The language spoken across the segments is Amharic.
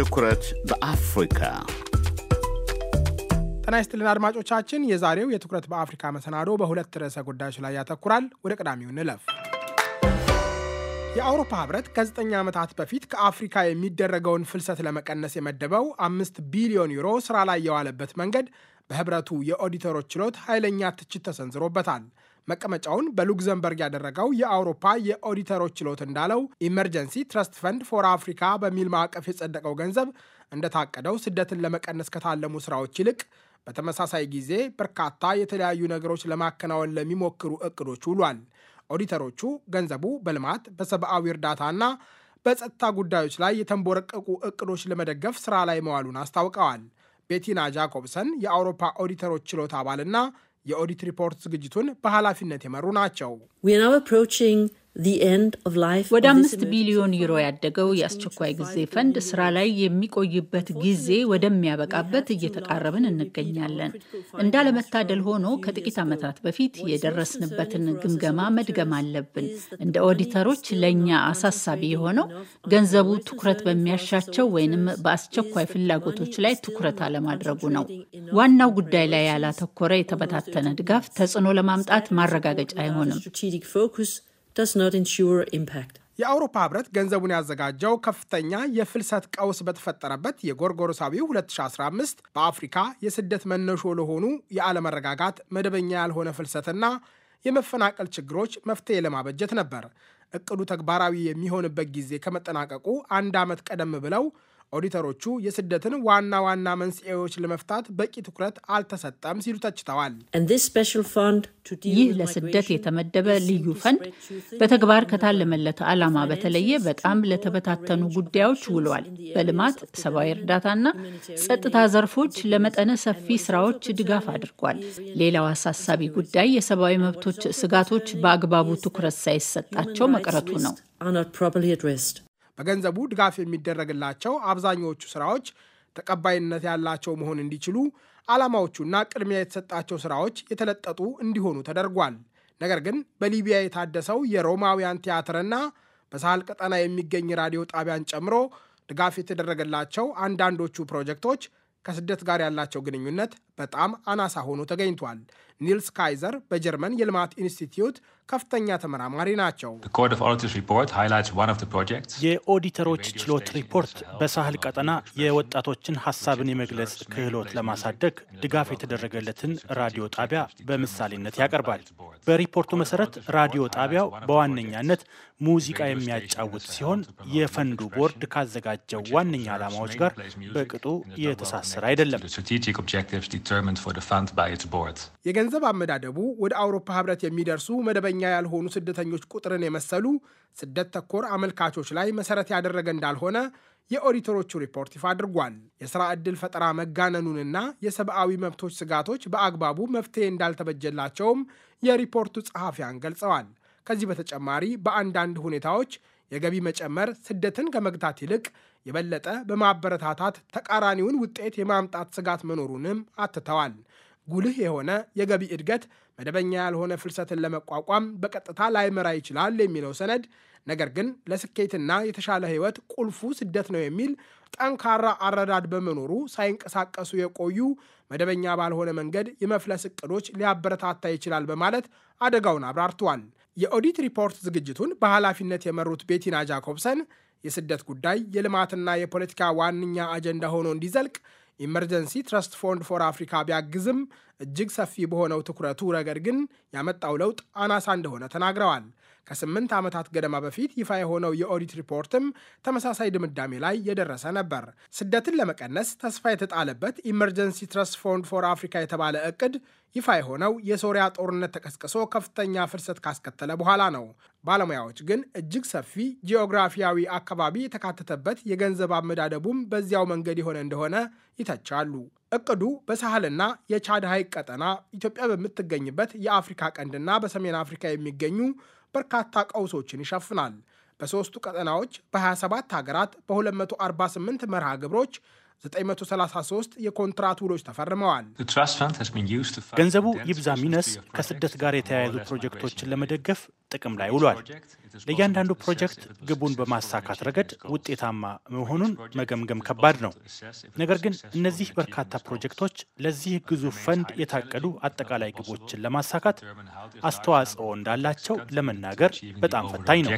ትኩረት በአፍሪካ ጤና ይስጥልን አድማጮቻችን። የዛሬው የትኩረት በአፍሪካ መሰናዶ በሁለት ርዕሰ ጉዳዮች ላይ ያተኩራል። ወደ ቀዳሚው እንለፍ። የአውሮፓ ህብረት ከ9 ዓመታት በፊት ከአፍሪካ የሚደረገውን ፍልሰት ለመቀነስ የመደበው አምስት ቢሊዮን ዩሮ ስራ ላይ የዋለበት መንገድ በህብረቱ የኦዲተሮች ችሎት ኃይለኛ ትችት ተሰንዝሮበታል። መቀመጫውን በሉክዘምበርግ ያደረገው የአውሮፓ የኦዲተሮች ችሎት እንዳለው ኢመርጀንሲ ትረስት ፈንድ ፎር አፍሪካ በሚል ማዕቀፍ የጸደቀው ገንዘብ እንደታቀደው ስደትን ለመቀነስ ከታለሙ ስራዎች ይልቅ በተመሳሳይ ጊዜ በርካታ የተለያዩ ነገሮች ለማከናወን ለሚሞክሩ እቅዶች ውሏል። ኦዲተሮቹ ገንዘቡ በልማት በሰብአዊ እርዳታና በጸጥታ ጉዳዮች ላይ የተንቦረቀቁ እቅዶች ለመደገፍ ስራ ላይ መዋሉን አስታውቀዋል። ቤቲና ጃኮብሰን የአውሮፓ ኦዲተሮች ችሎት አባልና የኦዲት ሪፖርት ዝግጅቱን በኃላፊነት የመሩ ናቸው። ወደ አምስት ቢሊዮን ዩሮ ያደገው የአስቸኳይ ጊዜ ፈንድ ስራ ላይ የሚቆይበት ጊዜ ወደሚያበቃበት እየተቃረብን እንገኛለን። እንዳለመታደል ሆኖ ከጥቂት ዓመታት በፊት የደረስንበትን ግምገማ መድገም አለብን። እንደ ኦዲተሮች ለእኛ አሳሳቢ የሆነው ገንዘቡ ትኩረት በሚያሻቸው ወይንም በአስቸኳይ ፍላጎቶች ላይ ትኩረት አለማድረጉ ነው። ዋናው ጉዳይ ላይ ያላተኮረ የተበታተነ ድጋፍ ተጽዕኖ ለማምጣት ማረጋገጫ አይሆንም። does not ensure impact. የአውሮፓ ህብረት ገንዘቡን ያዘጋጀው ከፍተኛ የፍልሰት ቀውስ በተፈጠረበት የጎርጎሮሳዊው 2015 በአፍሪካ የስደት መነሾ ለሆኑ የአለመረጋጋት መደበኛ ያልሆነ ፍልሰትና የመፈናቀል ችግሮች መፍትሄ ለማበጀት ነበር። እቅዱ ተግባራዊ የሚሆንበት ጊዜ ከመጠናቀቁ አንድ ዓመት ቀደም ብለው ኦዲተሮቹ የስደትን ዋና ዋና መንስኤዎች ለመፍታት በቂ ትኩረት አልተሰጠም ሲሉ ተችተዋል። ይህ ለስደት የተመደበ ልዩ ፈንድ በተግባር ከታለመለት ዓላማ በተለየ በጣም ለተበታተኑ ጉዳዮች ውሏል። በልማት ሰብአዊ እርዳታና ጸጥታ ዘርፎች ለመጠነ ሰፊ ስራዎች ድጋፍ አድርጓል። ሌላው አሳሳቢ ጉዳይ የሰብአዊ መብቶች ስጋቶች በአግባቡ ትኩረት ሳይሰጣቸው መቅረቱ ነው። በገንዘቡ ድጋፍ የሚደረግላቸው አብዛኛዎቹ ስራዎች ተቀባይነት ያላቸው መሆን እንዲችሉ ዓላማዎቹና ቅድሚያ የተሰጣቸው ስራዎች የተለጠጡ እንዲሆኑ ተደርጓል። ነገር ግን በሊቢያ የታደሰው የሮማውያን ቲያትርና በሳህል ቀጠና የሚገኝ ራዲዮ ጣቢያን ጨምሮ ድጋፍ የተደረገላቸው አንዳንዶቹ ፕሮጀክቶች ከስደት ጋር ያላቸው ግንኙነት በጣም አናሳ ሆኖ ተገኝቷል። ኒልስ ካይዘር በጀርመን የልማት ኢንስቲትዩት ከፍተኛ ተመራማሪ ናቸው። የኦዲተሮች ችሎት ሪፖርት በሳህል ቀጠና የወጣቶችን ሀሳብን የመግለጽ ክህሎት ለማሳደግ ድጋፍ የተደረገለትን ራዲዮ ጣቢያ በምሳሌነት ያቀርባል። በሪፖርቱ መሰረት ራዲዮ ጣቢያው በዋነኛነት ሙዚቃ የሚያጫውት ሲሆን የፈንዱ ቦርድ ካዘጋጀው ዋነኛ ዓላማዎች ጋር በቅጡ የተሳሰረ አይደለም። የገንዘብ አመዳደቡ ወደ አውሮፓ ህብረት የሚደርሱ መደበኛ ፈቃደኛ ያልሆኑ ስደተኞች ቁጥርን የመሰሉ ስደት ተኮር አመልካቾች ላይ መሰረት ያደረገ እንዳልሆነ የኦዲተሮቹ ሪፖርት ይፋ አድርጓል። የሥራ ዕድል ፈጠራ መጋነኑንና የሰብአዊ መብቶች ስጋቶች በአግባቡ መፍትሄ እንዳልተበጀላቸውም የሪፖርቱ ጸሐፊያን ገልጸዋል። ከዚህ በተጨማሪ በአንዳንድ ሁኔታዎች የገቢ መጨመር ስደትን ከመግታት ይልቅ የበለጠ በማበረታታት ተቃራኒውን ውጤት የማምጣት ስጋት መኖሩንም አትተዋል። ጉልህ የሆነ የገቢ እድገት መደበኛ ያልሆነ ፍልሰትን ለመቋቋም በቀጥታ ላይመራ ይችላል የሚለው ሰነድ ነገር ግን ለስኬትና የተሻለ ህይወት ቁልፉ ስደት ነው የሚል ጠንካራ አረዳድ በመኖሩ ሳይንቀሳቀሱ የቆዩ መደበኛ ባልሆነ መንገድ የመፍለስ እቅዶች ሊያበረታታ ይችላል በማለት አደጋውን አብራርተዋል። የኦዲት ሪፖርት ዝግጅቱን በኃላፊነት የመሩት ቤቲና ጃኮብሰን የስደት ጉዳይ የልማትና የፖለቲካ ዋነኛ አጀንዳ ሆኖ እንዲዘልቅ ኢመርጀንሲ ትረስት ፎንድ ፎር አፍሪካ ቢያግዝም እጅግ ሰፊ በሆነው ትኩረቱ ረገድ ግን ያመጣው ለውጥ አናሳ እንደሆነ ተናግረዋል። ከስምንት ዓመታት ገደማ በፊት ይፋ የሆነው የኦዲት ሪፖርትም ተመሳሳይ ድምዳሜ ላይ የደረሰ ነበር። ስደትን ለመቀነስ ተስፋ የተጣለበት ኢመርጀንሲ ትረስት ፎንድ ፎር አፍሪካ የተባለ እቅድ ይፋ የሆነው የሶሪያ ጦርነት ተቀስቅሶ ከፍተኛ ፍልሰት ካስከተለ በኋላ ነው። ባለሙያዎች ግን እጅግ ሰፊ ጂኦግራፊያዊ አካባቢ የተካተተበት የገንዘብ አመዳደቡም በዚያው መንገድ የሆነ እንደሆነ ይተቻሉ። እቅዱ በሳህልና የቻድ ሐይቅ ቀጠና፣ ኢትዮጵያ በምትገኝበት የአፍሪካ ቀንድና በሰሜን አፍሪካ የሚገኙ በርካታ ቀውሶችን ይሸፍናል። በሦስቱ ቀጠናዎች በ27 ሀገራት በ248 መርሃ ግብሮች 933 የኮንትራት ውሎች ተፈርመዋል። ገንዘቡ ይብዛ ሚነስ ከስደት ጋር የተያያዙ ፕሮጀክቶችን ለመደገፍ ጥቅም ላይ ውሏል። ለእያንዳንዱ ፕሮጀክት ግቡን በማሳካት ረገድ ውጤታማ መሆኑን መገምገም ከባድ ነው። ነገር ግን እነዚህ በርካታ ፕሮጀክቶች ለዚህ ግዙፍ ፈንድ የታቀዱ አጠቃላይ ግቦችን ለማሳካት አስተዋጽኦ እንዳላቸው ለመናገር በጣም ፈታኝ ነው።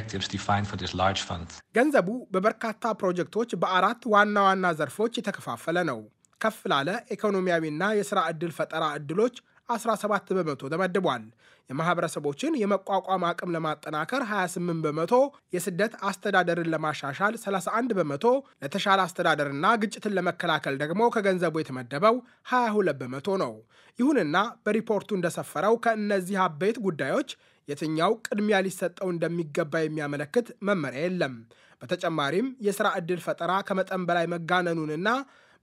ገንዘቡ በበርካታ ፕሮጀክቶች በአራት ዋና ዋና ዘርፎች የተከፋፈለ ነው። ከፍ ላለ ኢኮኖሚያዊና የሥራ ዕድል ፈጠራ ዕድሎች 17 በመቶ ተመድቧል። የማህበረሰቦችን የመቋቋም አቅም ለማጠናከር 28 በመቶ፣ የስደት አስተዳደርን ለማሻሻል 31 በመቶ፣ ለተሻለ አስተዳደርና ግጭትን ለመከላከል ደግሞ ከገንዘቡ የተመደበው 22 በመቶ ነው። ይሁንና በሪፖርቱ እንደሰፈረው ከእነዚህ አበይት ጉዳዮች የትኛው ቅድሚያ ሊሰጠው እንደሚገባ የሚያመለክት መመሪያ የለም። በተጨማሪም የሥራ ዕድል ፈጠራ ከመጠን በላይ መጋነኑንና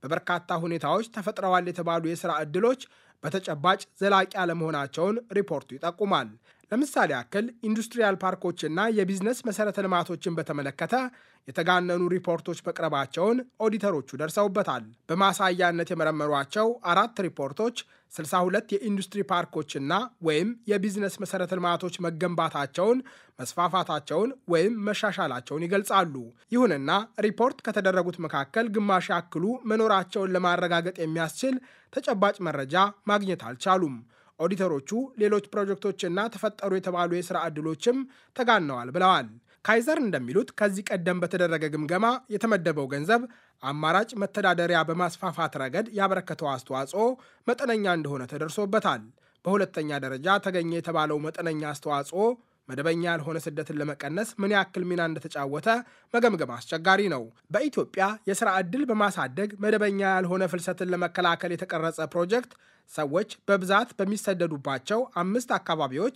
በበርካታ ሁኔታዎች ተፈጥረዋል የተባሉ የሥራ ዕድሎች በተጨባጭ ዘላቂ አለመሆናቸውን ሪፖርቱ ይጠቁማል። ለምሳሌ ያክል ኢንዱስትሪያል ፓርኮችና የቢዝነስ መሠረተ ልማቶችን በተመለከተ የተጋነኑ ሪፖርቶች መቅረባቸውን ኦዲተሮቹ ደርሰውበታል። በማሳያነት የመረመሯቸው አራት ሪፖርቶች 62 የኢንዱስትሪ ፓርኮችና ወይም የቢዝነስ መሠረተ ልማቶች መገንባታቸውን፣ መስፋፋታቸውን ወይም መሻሻላቸውን ይገልጻሉ። ይሁንና ሪፖርት ከተደረጉት መካከል ግማሽ ያክሉ መኖራቸውን ለማረጋገጥ የሚያስችል ተጨባጭ መረጃ ማግኘት አልቻሉም። ኦዲተሮቹ ሌሎች ፕሮጀክቶችና ተፈጠሩ የተባሉ የሥራ ዕድሎችም ተጋነዋል ብለዋል። ካይዘር እንደሚሉት ከዚህ ቀደም በተደረገ ግምገማ የተመደበው ገንዘብ አማራጭ መተዳደሪያ በማስፋፋት ረገድ ያበረከተው አስተዋጽኦ መጠነኛ እንደሆነ ተደርሶበታል። በሁለተኛ ደረጃ ተገኘ የተባለው መጠነኛ አስተዋጽኦ መደበኛ ያልሆነ ስደትን ለመቀነስ ምን ያክል ሚና እንደተጫወተ መገምገም አስቸጋሪ ነው። በኢትዮጵያ የሥራ ዕድል በማሳደግ መደበኛ ያልሆነ ፍልሰትን ለመከላከል የተቀረጸ ፕሮጀክት ሰዎች በብዛት በሚሰደዱባቸው አምስት አካባቢዎች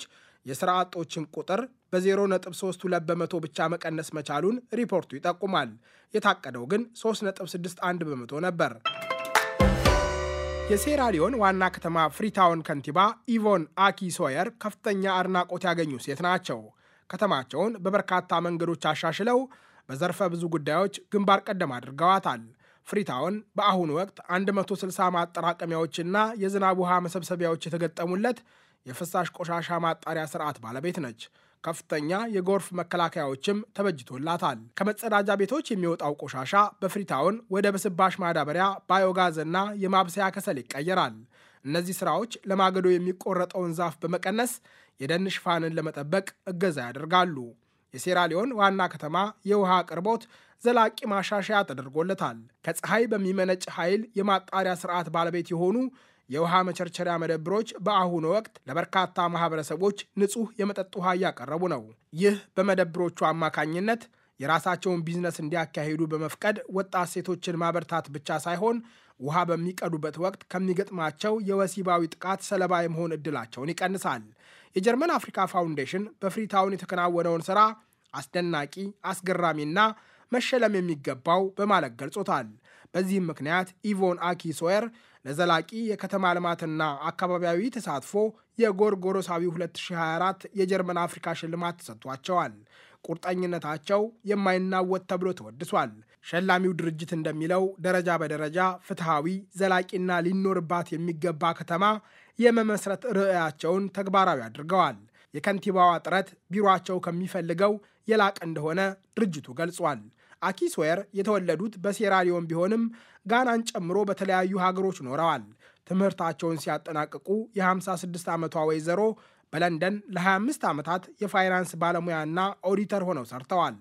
የሥራ አጦችን ቁጥር በ0.32 በመቶ ብቻ መቀነስ መቻሉን ሪፖርቱ ይጠቁማል። የታቀደው ግን 3.61 በመቶ ነበር። የሴራሊዮን ዋና ከተማ ፍሪታውን ከንቲባ ኢቮን አኪ ሶየር ከፍተኛ አድናቆት ያገኙ ሴት ናቸው። ከተማቸውን በበርካታ መንገዶች አሻሽለው በዘርፈ ብዙ ጉዳዮች ግንባር ቀደም አድርገዋታል። ፍሪታውን በአሁኑ ወቅት 160 ማጠራቀሚያዎችና የዝናብ ውሃ መሰብሰቢያዎች የተገጠሙለት የፍሳሽ ቆሻሻ ማጣሪያ ስርዓት ባለቤት ነች። ከፍተኛ የጎርፍ መከላከያዎችም ተበጅቶላታል። ከመጸዳጃ ቤቶች የሚወጣው ቆሻሻ በፍሪታውን ወደ ብስባሽ ማዳበሪያ፣ እና የማብሰያ ከሰል ይቀየራል። እነዚህ ስራዎች ለማገዶ የሚቆረጠውን ዛፍ በመቀነስ የደን ሽፋንን ለመጠበቅ እገዛ ያደርጋሉ። የሴራሊዮን ዋና ከተማ የውሃ አቅርቦት ዘላቂ ማሻሻያ ተደርጎለታል። ከፀሐይ በሚመነጭ ኃይል የማጣሪያ ስርዓት ባለቤት የሆኑ የውሃ መቸርቸሪያ መደብሮች በአሁኑ ወቅት ለበርካታ ማህበረሰቦች ንጹህ የመጠጥ ውሃ እያቀረቡ ነው። ይህ በመደብሮቹ አማካኝነት የራሳቸውን ቢዝነስ እንዲያካሂዱ በመፍቀድ ወጣት ሴቶችን ማበርታት ብቻ ሳይሆን ውሃ በሚቀዱበት ወቅት ከሚገጥማቸው የወሲባዊ ጥቃት ሰለባ የመሆን ዕድላቸውን ይቀንሳል። የጀርመን አፍሪካ ፋውንዴሽን በፍሪታውን የተከናወነውን ሥራ አስደናቂ፣ አስገራሚና መሸለም የሚገባው በማለት ገልጾታል። በዚህም ምክንያት ኢቮን አኪ ሶየር ለዘላቂ የከተማ ልማትና አካባቢያዊ ተሳትፎ የጎርጎሮሳዊ 2024 የጀርመን አፍሪካ ሽልማት ተሰጥቷቸዋል። ቁርጠኝነታቸው የማይናወጥ ተብሎ ተወድሷል። ሸላሚው ድርጅት እንደሚለው ደረጃ በደረጃ ፍትሐዊ፣ ዘላቂና ሊኖርባት የሚገባ ከተማ የመመስረት ርዕያቸውን ተግባራዊ አድርገዋል። የከንቲባዋ ጥረት ቢሮአቸው ከሚፈልገው የላቀ እንደሆነ ድርጅቱ ገልጿል። አኪስዌር የተወለዱት በሴራሊዮን ቢሆንም ጋናን ጨምሮ በተለያዩ ሀገሮች ኖረዋል። ትምህርታቸውን ሲያጠናቅቁ የ56 ዓመቷ ወይዘሮ በለንደን ለ25 ዓመታት የፋይናንስ ባለሙያና ኦዲተር ሆነው ሰርተዋል።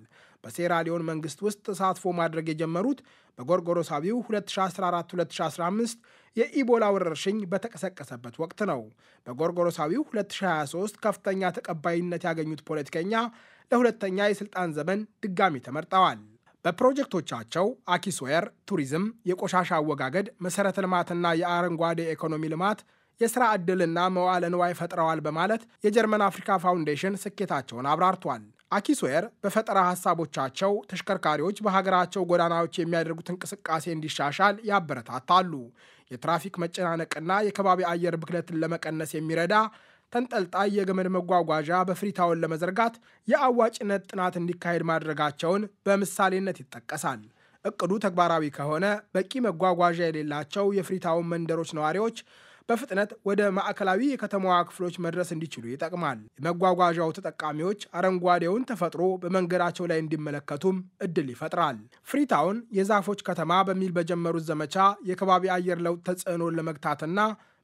በሴራሊዮን መንግስት ውስጥ ተሳትፎ ማድረግ የጀመሩት በጎርጎሮሳቢው 2014-2015 የኢቦላ ወረርሽኝ በተቀሰቀሰበት ወቅት ነው። በጎርጎሮሳቢው 2023 ከፍተኛ ተቀባይነት ያገኙት ፖለቲከኛ ለሁለተኛ የሥልጣን ዘመን ድጋሚ ተመርጠዋል። በፕሮጀክቶቻቸው አኪስዌር፣ ቱሪዝም፣ የቆሻሻ አወጋገድ፣ መሠረተ ልማትና የአረንጓዴ ኢኮኖሚ ልማት የሥራ ዕድልና መዋዕለ ንዋይ ፈጥረዋል በማለት የጀርመን አፍሪካ ፋውንዴሽን ስኬታቸውን አብራርቷል። አኪስዌር በፈጠራ ሐሳቦቻቸው ተሽከርካሪዎች በሀገራቸው ጎዳናዎች የሚያደርጉት እንቅስቃሴ እንዲሻሻል ያበረታታሉ። የትራፊክ መጨናነቅና የከባቢ አየር ብክለትን ለመቀነስ የሚረዳ ተንጠልጣይ የገመድ መጓጓዣ በፍሪታውን ለመዘርጋት የአዋጭነት ጥናት እንዲካሄድ ማድረጋቸውን በምሳሌነት ይጠቀሳል። እቅዱ ተግባራዊ ከሆነ በቂ መጓጓዣ የሌላቸው የፍሪታውን መንደሮች ነዋሪዎች በፍጥነት ወደ ማዕከላዊ የከተማዋ ክፍሎች መድረስ እንዲችሉ ይጠቅማል። የመጓጓዣው ተጠቃሚዎች አረንጓዴውን ተፈጥሮ በመንገዳቸው ላይ እንዲመለከቱም እድል ይፈጥራል። ፍሪታውን የዛፎች ከተማ በሚል በጀመሩት ዘመቻ የከባቢ አየር ለውጥ ተጽዕኖን ለመግታትና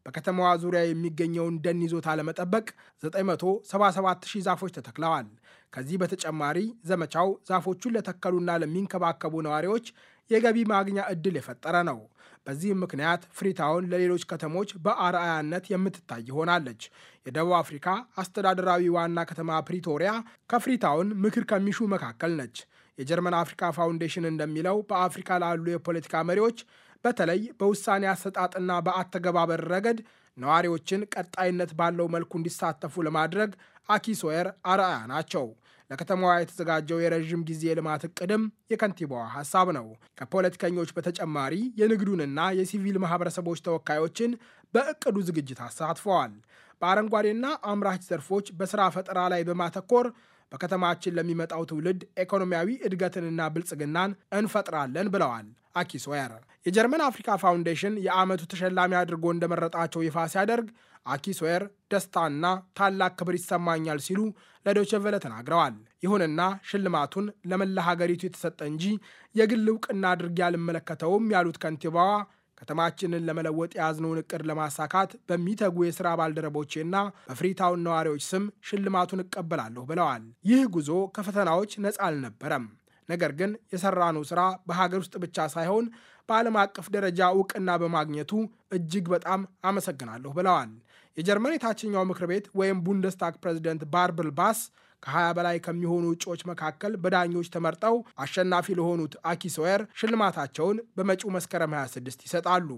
በከተማዋ ዙሪያ የሚገኘውን ደን ይዞታ ለመጠበቅ 977,000 ዛፎች ተተክለዋል። ከዚህ በተጨማሪ ዘመቻው ዛፎቹን ለተከሉና ለሚንከባከቡ ነዋሪዎች የገቢ ማግኛ ዕድል የፈጠረ ነው። በዚህም ምክንያት ፍሪታውን ለሌሎች ከተሞች በአርአያነት የምትታይ ሆናለች። የደቡብ አፍሪካ አስተዳደራዊ ዋና ከተማ ፕሪቶሪያ ከፍሪታውን ምክር ከሚሹ መካከል ነች። የጀርመን አፍሪካ ፋውንዴሽን እንደሚለው በአፍሪካ ላሉ የፖለቲካ መሪዎች በተለይ በውሳኔ አሰጣጥና በአተገባበር ረገድ ነዋሪዎችን ቀጣይነት ባለው መልኩ እንዲሳተፉ ለማድረግ አኪሶየር አርአያ ናቸው። ለከተማዋ የተዘጋጀው የረዥም ጊዜ ልማት እቅድም የከንቲባዋ ሀሳብ ነው። ከፖለቲከኞች በተጨማሪ የንግዱንና የሲቪል ማህበረሰቦች ተወካዮችን በእቅዱ ዝግጅት አሳትፈዋል። በአረንጓዴና አምራች ዘርፎች በሥራ ፈጠራ ላይ በማተኮር በከተማችን ለሚመጣው ትውልድ ኢኮኖሚያዊ እድገትንና ብልጽግናን እንፈጥራለን ብለዋል። አኪሶየር የጀርመን አፍሪካ ፋውንዴሽን የዓመቱ ተሸላሚ አድርጎ እንደመረጣቸው ይፋ ሲያደርግ አኪሶየር ደስታና ታላቅ ክብር ይሰማኛል ሲሉ ለዶችቨለ ተናግረዋል። ይሁንና ሽልማቱን ለመላ ሀገሪቱ የተሰጠ እንጂ የግል እውቅና አድርጌ አልመለከተውም ያሉት ከንቲባዋ ከተማችንን ለመለወጥ የያዝነውን እቅድ ለማሳካት በሚተጉ የሥራ ባልደረቦቼና በፍሪታውን ነዋሪዎች ስም ሽልማቱን እቀበላለሁ ብለዋል። ይህ ጉዞ ከፈተናዎች ነፃ አልነበረም። ነገር ግን የሰራነው ስራ በሀገር ውስጥ ብቻ ሳይሆን በዓለም አቀፍ ደረጃ እውቅና በማግኘቱ እጅግ በጣም አመሰግናለሁ ብለዋል። የጀርመን የታችኛው ምክር ቤት ወይም ቡንደስታግ ፕሬዚደንት ባርብል ባስ ከ20 በላይ ከሚሆኑ እጩዎች መካከል በዳኞች ተመርጠው አሸናፊ ለሆኑት አኪሶየር ሽልማታቸውን በመጪው መስከረም 26 ይሰጣሉ።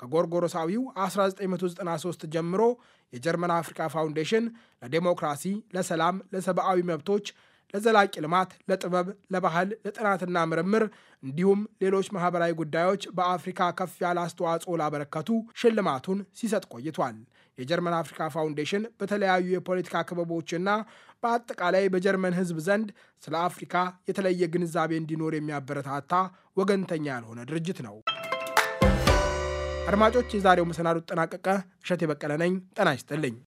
ከጎርጎሮሳዊው 1993 ጀምሮ የጀርመን አፍሪካ ፋውንዴሽን ለዴሞክራሲ፣ ለሰላም፣ ለሰብአዊ መብቶች ለዘላቂ ልማት፣ ለጥበብ፣ ለባህል፣ ለጥናትና ምርምር እንዲሁም ሌሎች ማህበራዊ ጉዳዮች በአፍሪካ ከፍ ያለ አስተዋጽኦ ላበረከቱ ሽልማቱን ሲሰጥ ቆይቷል። የጀርመን አፍሪካ ፋውንዴሽን በተለያዩ የፖለቲካ ክበቦችና በአጠቃላይ በጀርመን ሕዝብ ዘንድ ስለ አፍሪካ የተለየ ግንዛቤ እንዲኖር የሚያበረታታ ወገንተኛ ያልሆነ ድርጅት ነው። አድማጮች፣ የዛሬው መሰናዶ ተጠናቀቀ። እሸት የበቀለ ነኝ። ጤና ይስጥልኝ።